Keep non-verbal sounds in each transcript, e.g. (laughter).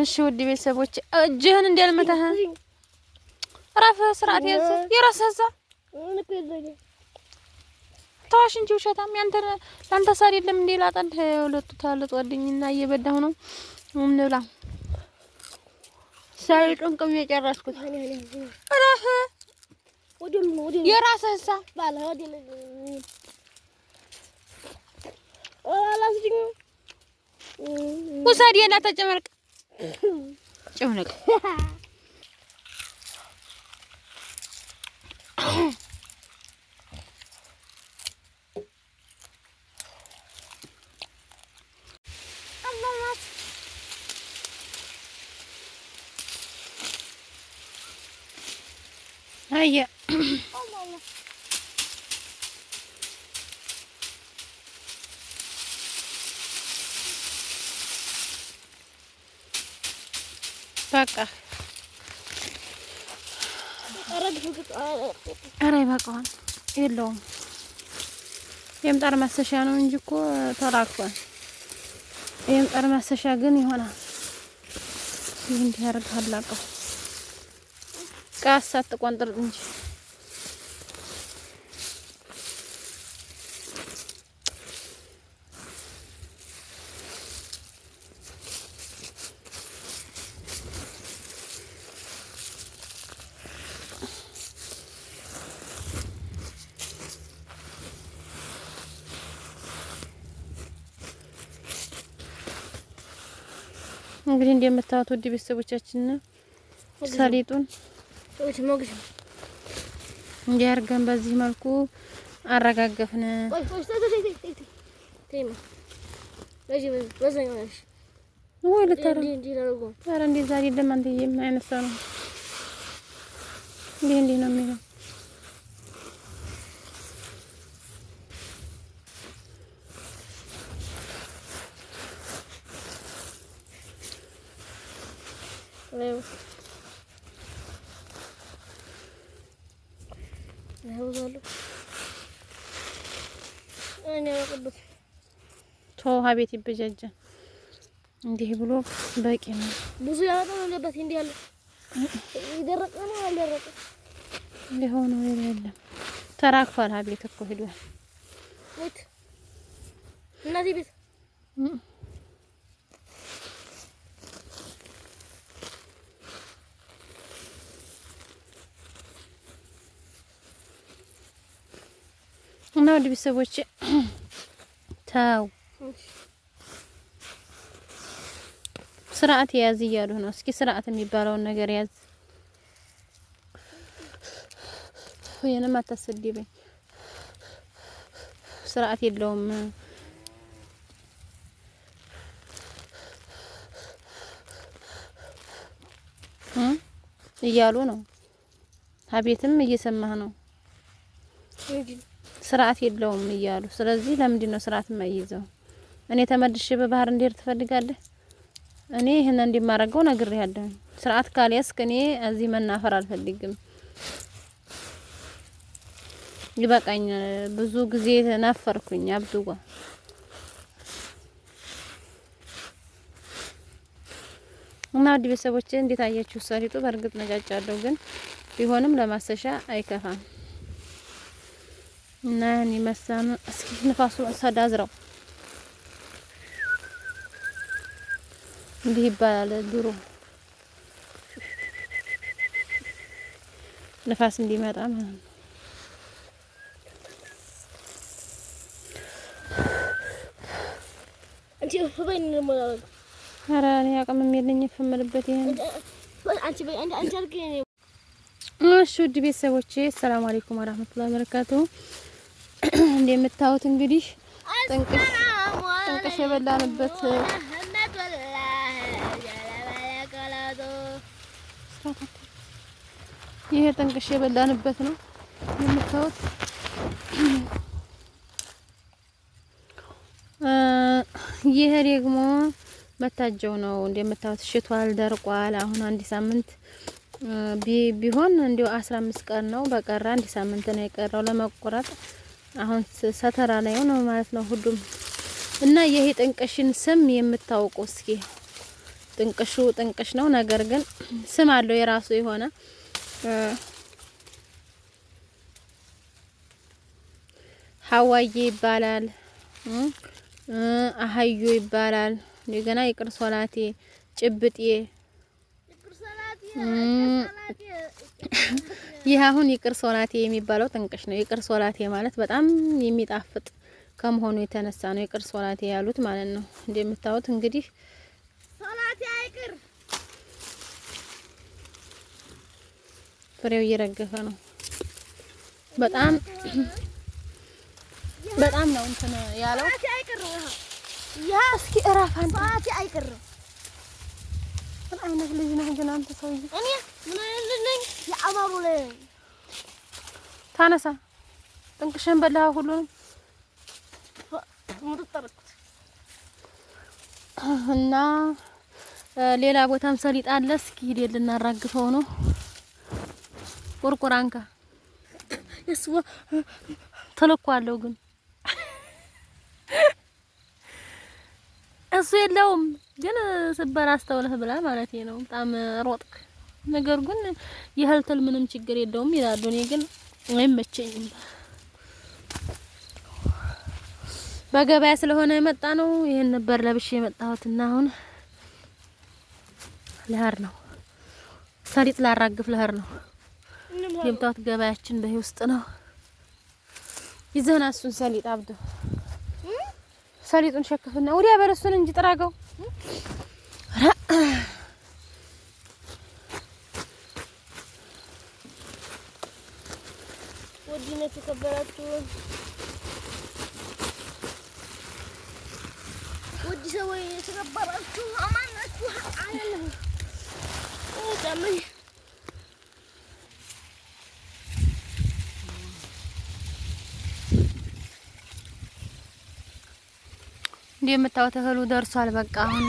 እሺ ውድ ቤተሰቦች እጅህን እንዳልመታህ ራፍ ስርዓት ያዝ። የራስህ ተዋሽ እንጂ ውሸታም ያንተ ላንተ ሳር የለም እንዴ ላጠል ሁለቱ ታልጧልኝና እየበዳሁ ነው። እንብላ ሳር ጥንቅም የጨረስኩት ረፍ የራስህ ሳ ባለ ወሰድ የና ተጨመርቅ 怎么了？(coughs) 哎呀！(coughs) በቃ ኧረ ይበቃዋል። የለውም የምጣድ ማሰሻ ነው እንጂ እኮ ተላክቷል። የምጣድ ማሰሻ ግን ይሆናል። ይህ አላቀው ቃሳት ቆንጥር እንጂ እንደምታዩት ውድ ቤተሰቦቻችን ሰሊጡን እንዲያርገን በዚህ መልኩ አረጋገፍን። ወይ ልታረ ኧረ እንደዛ አይደለም አንተዬ፣ ሰው ነው። እንዲህ እንዲህ ነው የሚለው ውሃ ቤት ይበጃጃል። እንዲህ ብሎ በቂ ነው። ብዙ ያወጣ ነው ያለበት እንዲህ ያለ ይደረቀ ነው ያልደረቀ ሊሆን የለም። ተራክፏል። ሀቤት እኮ ሄዷል እናቴ ቤት እና ወደ ቤተሰቦች ተው ስርዓት የያዝ እያሉ ነው። እስኪ ስርዓት የሚባለውን ነገር ያዝ። የነማ አታሰድበኝ። ስርዓት የለውም። እያሉ ነው። አቤትም እየሰማህ ነው። ስርዓት የለውም እያሉ ስለዚህ ለምንድን ነው ስርዓት የማይይዘው? እኔ ተመልሼ በባህር እንድሄድ ትፈልጋለህ? እኔ ይህን እንዲማረገው ነግሬሃለሁ። ስርዓት ካልያዝክ እኔ እዚህ መናፈር አልፈልግም። ይበቃኛል። ብዙ ጊዜ ተናፈርኩኝ። አብዱዋ እና ውድ ቤተሰቦቼ እንዴት አያችሁ? ሰሪጡ በእርግጥ ነጫጫለሁ፣ ግን ቢሆንም ለማሰሻ አይከፋም። እና ያን ይመስላል። እስኪ ንፋሱ ሰዳዝረው እንዲህ ይባላል። ድሮ ንፋስ እንዲመጣ ማለት ነው። ኧረ ውድ ቤተሰቦቼ፣ ሰላም አለይኩም ወራህመቱላሂ ወበረካቱሁ እንደምታዩት እንግዲህ ጥንቅሽ ጥንቅሽ የበላንበት ይሄ ጥንቅሽ የበላንበት ነው የምታዩት። (clears throat) ይሄ ደግሞ መታጀው ነው እንደምታዩት፣ ሽቷል፣ ደርቋል። አሁን አንድ ሳምንት ቢሆን እንዲሁ አስራ አምስት ቀን ነው በቀረ አንድ ሳምንት ነው የቀረው ለመቆረጥ አሁን ሰተራ ላይ ነው ማለት ነው ሁሉም እና ይሄ ጥንቅሽን ስም የምታውቁ እስኪ ጥንቅሹ ጥንቅሽ ነው፣ ነገር ግን ስም አለው የራሱ የሆነ ሀዋዬ ይባላል፣ አህዮ ይባላል። እንደገና ይቅር ሶላቴ ጭብጤ ይህ አሁን ይቅር ሶላቴ የሚባለው ጥንቅሽ ነው። ይቅር ሶላቴ ማለት በጣም የሚጣፍጥ ከመሆኑ የተነሳ ነው ይቅር ሶላቴ ያሉት ማለት ነው። እንደምታዩት እንግዲህ ሶላቴ አይቅር ፍሬው እየረገፈ ነው። በጣም በጣም ነው እንትን ያለው ሶላቴ አይቅር ያ እስኪ እረፋን ሶላቴ አይቅር ምን አይነት ልጅ ነህ ግን አንተ ሰውዬ? እኔ ምን አይነት ልጅ ነኝ? የአማሩ ታነሳ ጥንቅሽን ሁሉንም እና ሌላ ቦታም ሰሊጥ አለ። እስኪ ልናራግፈው ነው። ቁርቁራንካ ተለኳለሁ ግን እሱ የለውም ግን ስበር አስተውለህ ብላ ማለት ነው። በጣም ሮጥክ። ነገር ግን የህልትል ምንም ችግር የለውም ይላሉ። እኔ ግን አይመቸኝም። በገበያ ስለሆነ የመጣ ነው። ይሄን ነበር ለብሼ እና አሁን ለህር ነው ሰሊጥ ላራግፍ ለህር ነው የምታዩት። ገበያችን በዚህ ውስጥ ነው። ይዘህና እሱን ሰሊጥ አብዱ ሰሊጡን ሸክፍና ወዲያ በረሱን እንጂ ጥራገው። ወዲነት የከበራችሁ ወዲ ሰው የተከበራችሁ አማናችሁ አለ እንዲህ የምታወት እህሉ ደርሷል። በቃ አሁን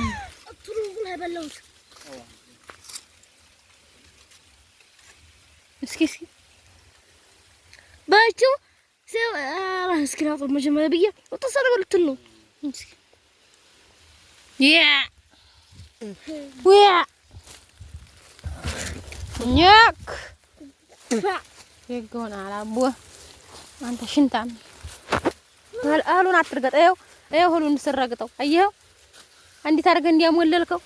እስኪ እስኪ ባጩ እስኪራጡ መጀመሪያ ብዬ ወጣሰረ በሉትን ነው ኛክ ይጎናል አቦ አንተ ሽንታም አሉን አትርገጠው ይኸው ሁሉን ስረግጠው አየኸው፣ እንዴት አድርገህ እንዲያሞለልከው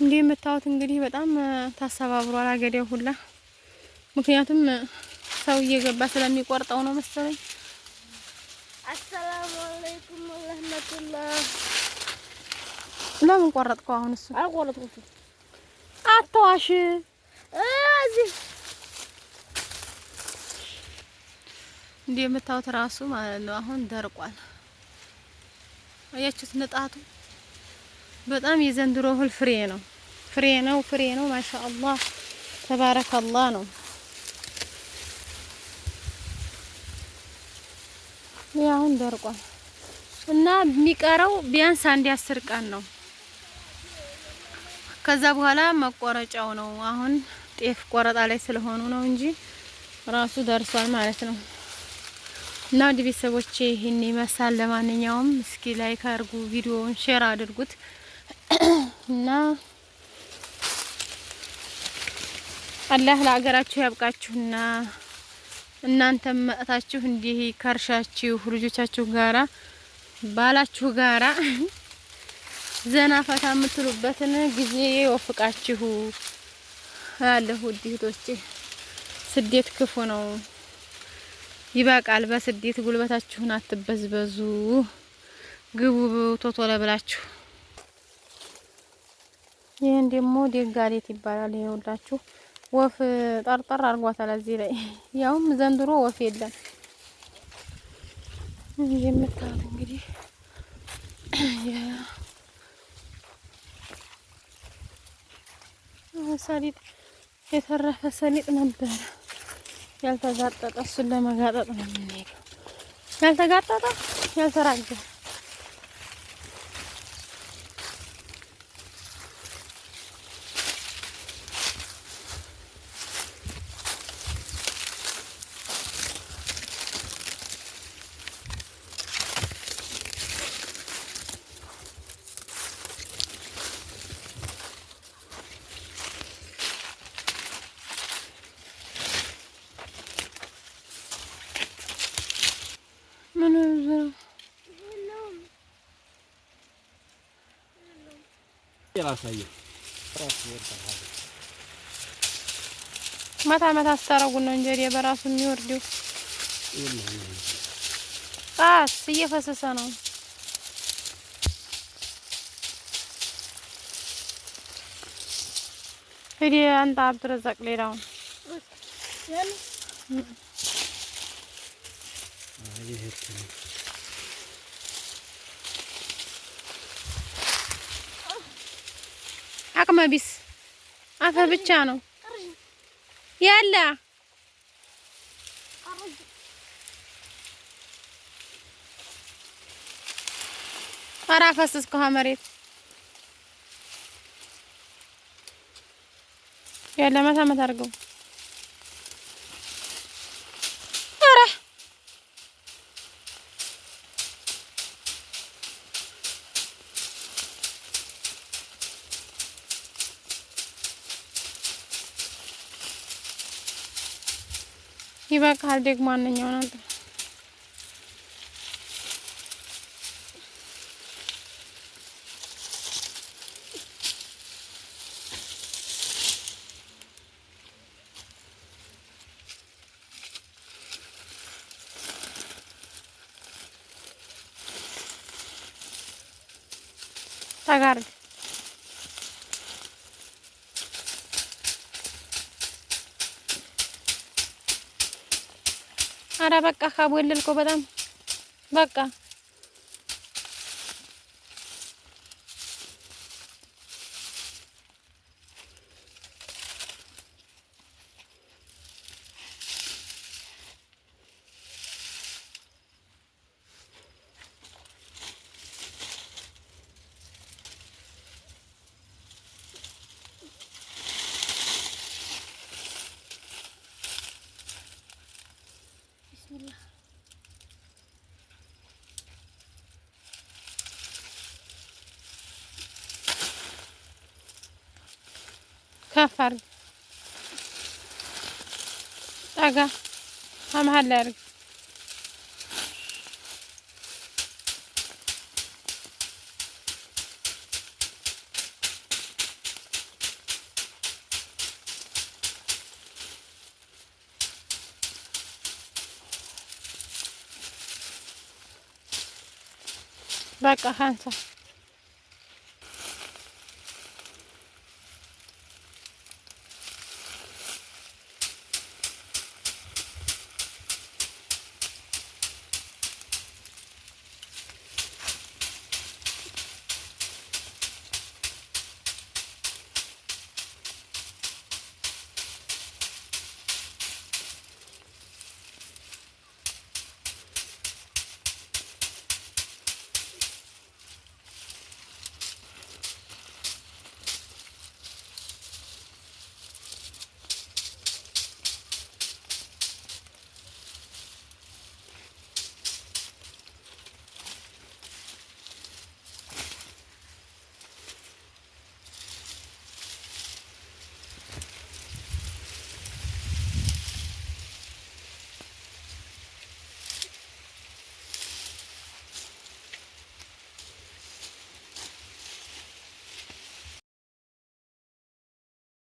እንዲህ የምታዩት እንግዲህ በጣም ታሰባብሯል አገዴው ሁላ ምክንያቱም ሰው እየገባ ስለሚቆርጠው ነው መሰለኝ። አሰላሙ አለይኩም ወራህመቱላህ። ለምን ቆረጥከው አሁን? እሱ አቆረጥኩት። አትዋሽ። እዚህ እንዲህ የምታዩት ራሱ ማለት ነው አሁን ደርቋል። አያችሁት? ንጣቱ በጣም የዘንድሮ እህል ፍሬ ነው ፍሬ ነው ፍሬ ነው። ማሻአላህ ተባረከላህ ነው። ይህ አሁን ደርቋል እና የሚቀረው ቢያንስ አንድ አስር ቀን ነው። ከዛ በኋላ መቆረጫው ነው። አሁን ጤፍ ቆረጣ ላይ ስለሆኑ ነው እንጂ ራሱ ደርሷል ማለት ነው። እና ውድ ቤተሰቦቼ ይህን ይመስላል። ለማንኛውም እስኪ ላይክ አድርጉ፣ ቪዲዮውን ሼር አድርጉት እና አላህ ለሀገራችሁ ያብቃችሁና እናንተም መጥታችሁ እንዲህ ከርሻችሁ ልጆቻችሁ ጋራ ባላችሁ ጋራ ዘና ፈታ የምትሉበትን ጊዜ ወፍቃችሁ አለሁ። ውድ እህቶቼ ስደት ክፉ ነው፣ ይበቃል። በስደት ጉልበታችሁን አትበዝበዙ። ግቡ ቶቶለ ብላችሁ። ይህን ደግሞ ደጋሌት ይባላል። ይሄውላችሁ ወፍ ጠርጠር አድርጓታል። እዚህ ላይ ያውም ዘንድሮ ወፍ የለም። የምታዩት እንግዲህ ሰሊጥ የተረፈ ሰሊጥ ነበረ ያልተጋጠጠ፣ እሱን ለመጋጠጥ ነው የምንሄደው። ያልተጋጠጠ ያልተራገፈ ላሳየው። መታ መታ ስታረጉ ነው እንጀሪ በራሱ የሚወርደው። ጣስ እየፈሰሰ ነው። ሂድ አንተ አብድረዛቅ ሌላውን ነው። ቢስ አፈ ብቻ ነው ያለ ኧረ አፈስስ መሬት ያለ መታ መታ አድርገው ይበቃል። ደግሞ ማንኛው ነው Ahora va acá, cajar, ከፍ አድርግ፣ ጠጋ፣ መሀል ላይ አድርግ። በቃ ሀንሳ